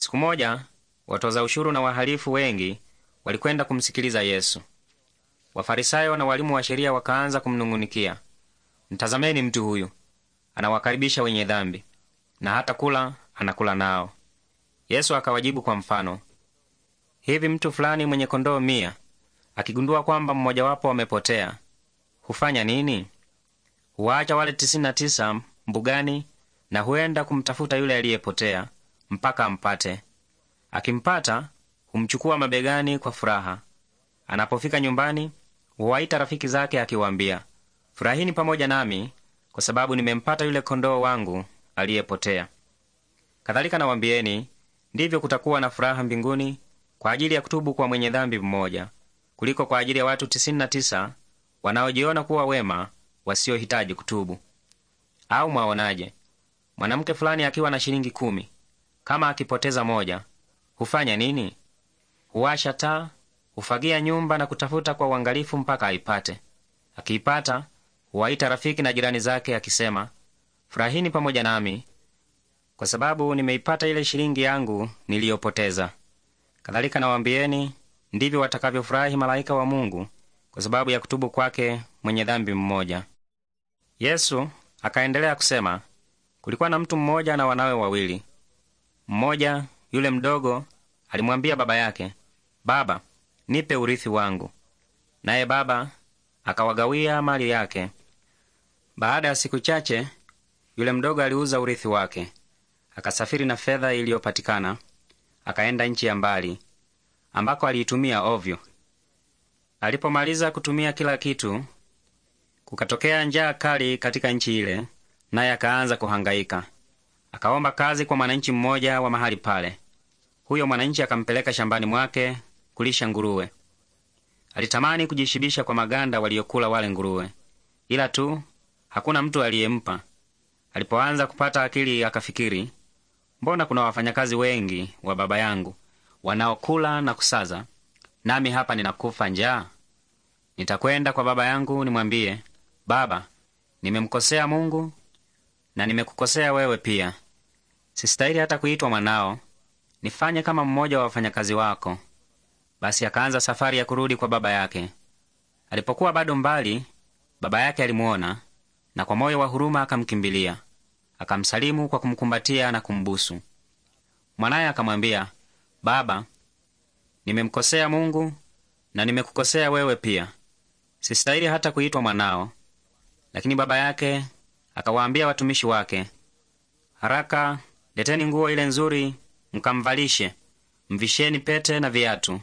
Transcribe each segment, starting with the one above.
Siku moja watoza ushuru na wahalifu wengi walikwenda kumsikiliza Yesu. Wafarisayo na walimu wa sheria wakaanza kumnung'unikia, mtazameni mtu huyu anawakaribisha wenye dhambi na hata kula anakula nao. Yesu akawajibu kwa mfano, hivi mtu fulani mwenye kondoo mia akigundua kwamba mmojawapo amepotea hufanya nini? Huwaacha wale tisini na tisa mbugani na huenda kumtafuta yule aliyepotea mpaka ampate. Akimpata humchukua mabegani kwa furaha. Anapofika nyumbani huwaita rafiki zake akiwaambia, furahini pamoja nami kwa sababu nimempata yule kondoo wangu aliyepotea. Kadhalika nawambieni, ndivyo kutakuwa na furaha mbinguni kwa ajili ya kutubu kwa mwenye dhambi mmoja kuliko kwa ajili ya watu tisini na tisa wanaojiona kuwa wema wasiohitaji kutubu. Au mwaonaje mwanamke fulani akiwa na shilingi kumi kama akipoteza moja, hufanya nini? Huwasha taa, hufagia nyumba na kutafuta kwa uangalifu mpaka aipate. Akiipata huwaita rafiki na jirani zake, akisema, furahini pamoja nami kwa sababu nimeipata ile shilingi yangu niliyopoteza. Kadhalika nawaambieni, ndivyo watakavyofurahi malaika wa Mungu kwa sababu ya kutubu kwake mwenye dhambi mmoja. Yesu akaendelea kusema, kulikuwa na mtu mmoja na wanawe wawili. Mmoja yule mdogo alimwambia baba yake, Baba, nipe urithi wangu. Naye baba akawagawia mali yake. Baada ya siku chache, yule mdogo aliuza urithi wake, akasafiri na fedha iliyopatikana, akaenda nchi ya mbali, ambako aliitumia ovyo. Alipomaliza kutumia kila kitu, kukatokea njaa kali katika nchi ile, naye akaanza kuhangaika akaomba kazi kwa mwananchi mmoja wa mahali pale. Huyo mwananchi akampeleka shambani mwake kulisha nguruwe. Alitamani kujishibisha kwa maganda waliyokula wale nguruwe, ila tu hakuna mtu aliyempa. Alipoanza kupata akili, akafikiri, mbona kuna wafanyakazi wengi wa baba yangu wanaokula na kusaza, nami hapa ninakufa njaa? Nitakwenda kwa baba yangu nimwambie, baba, nimemkosea Mungu na nimekukosea wewe pia. Sistahili hata kuitwa mwanao, nifanye kama mmoja wa wafanyakazi wako. Basi akaanza safari ya kurudi kwa baba yake. Alipokuwa bado mbali, baba yake alimuona na kwa moyo wa huruma akamkimbilia, akamsalimu kwa kumkumbatia na kumbusu. Mwanaye akamwambia, Baba, nimemkosea Mungu na nimekukosea wewe pia, sistahili hata kuitwa mwanao. Lakini baba yake Akawaambia watumishi wake, haraka leteni nguo ile nzuri, mkamvalishe, mvisheni pete na viatu,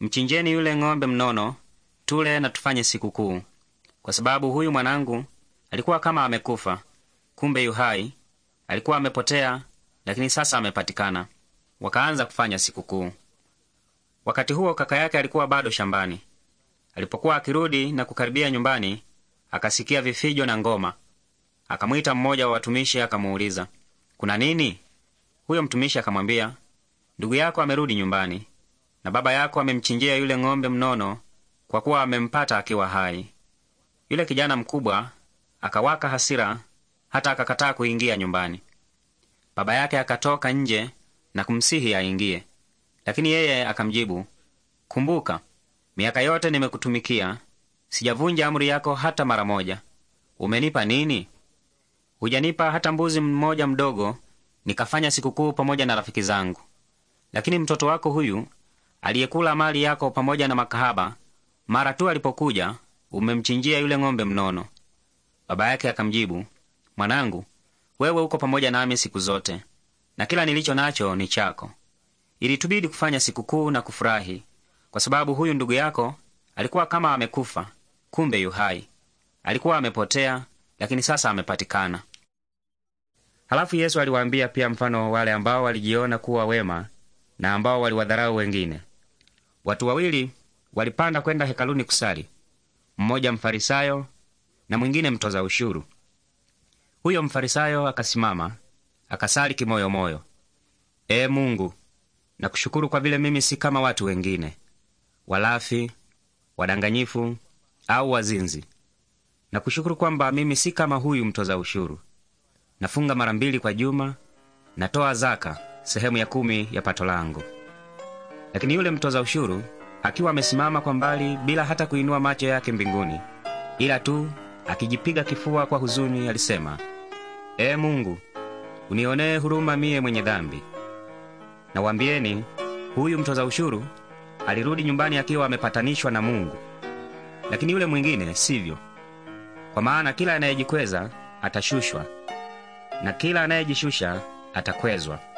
mchinjeni yule ng'ombe mnono, tule na tufanye sikukuu, kwa sababu huyu mwanangu alikuwa kama amekufa, kumbe yu hai; alikuwa amepotea, lakini sasa amepatikana. Wakaanza kufanya sikukuu. Wakati huo kaka yake alikuwa bado shambani. Alipokuwa akirudi na kukaribia nyumbani, akasikia vifijo na ngoma. Akamwita mmoja wa watumishi akamuuliza, kuna nini? Huyo mtumishi akamwambia, ndugu yako amerudi nyumbani, na baba yako amemchinjia yule ng'ombe mnono, kwa kuwa amempata akiwa hai. Yule kijana mkubwa akawaka hasira, hata akakataa kuingia nyumbani. Baba yake akatoka nje na kumsihi aingie, lakini yeye akamjibu, kumbuka, miaka yote nimekutumikia, sijavunja amri yako hata mara moja. Umenipa nini? hujanipa hata mbuzi mmoja mdogo nikafanya sikukuu pamoja na rafiki zangu. Lakini mtoto wako huyu aliyekula mali yako pamoja na makahaba, mara tu alipokuja umemchinjia yule ng'ombe mnono. Baba yake akamjibu, mwanangu, wewe uko pamoja nami siku zote na kila nilicho nacho ni chako. Ilitubidi kufanya sikukuu na kufurahi, kwa sababu huyu ndugu yako alikuwa kama amekufa, kumbe yuhai. alikuwa amepotea, lakini sasa amepatikana. Halafu Yesu aliwaambia pia mfano wale ambao walijiona kuwa wema na ambao waliwadharau wengine. Watu wawili walipanda kwenda hekaluni kusali, mmoja mfarisayo na mwingine mtoza ushuru. Huyo mfarisayo akasimama akasali kimoyomoyo, Ee Mungu, nakushukuru kwa vile mimi si kama watu wengine, walafi, wadanganyifu au wazinzi. Nakushukuru kwamba mimi si kama huyu mtoza ushuru nafunga mara mbili kwa juma, natoa zaka, sehemu ya kumi ya pato langu. Lakini yule mtoza ushuru akiwa amesimama kwa mbali bila hata kuinua macho yake mbinguni, ila tu akijipiga kifua kwa huzuni, alisema, Ee Mungu, unionee huruma miye mwenye dhambi. Na huyu mtoza ushuru alirudi nyumbani akiwa amepatanishwa na Mungu. Lakini yule mwingine sivyo, kwa maana kila anayejikweza atashushwa na kila anayejishusha atakwezwa.